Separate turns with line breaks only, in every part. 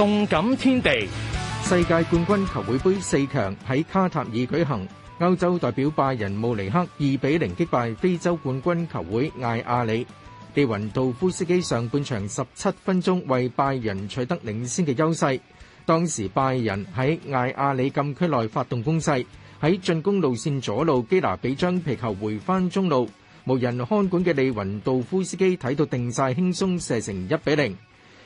動感天地，世界冠軍球會盃四強喺卡塔爾舉行。歐洲代表拜仁慕尼黑二比零擊敗非洲冠軍球會艾阿里。利雲道夫斯基上半場十七分鐘為拜仁取得領先嘅優勢。當時拜仁喺艾阿里禁區內發動攻勢，喺進攻路線左路，基拿比將皮球回翻中路，無人看管嘅利雲道夫斯基睇到定晒，輕鬆射成一比零。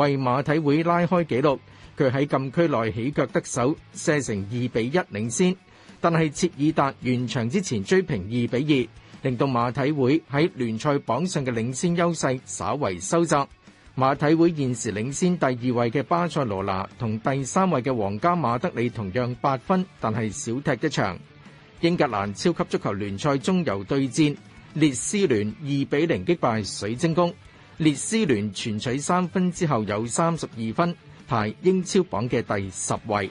為馬體會拉開紀錄，佢喺禁區內起腳得手，射成二比一領先。但係切爾達完場之前追平二比二，令到馬體會喺聯賽榜上嘅領先優勢稍為收窄。馬體會現時領先第二位嘅巴塞羅那同第三位嘅皇家馬德里同樣八分，但係少踢一場。英格蘭超級足球聯賽中游對戰，列斯聯二比零擊敗水晶宮。列斯聯全取三分之後，有三十二分，排英超榜嘅第十位。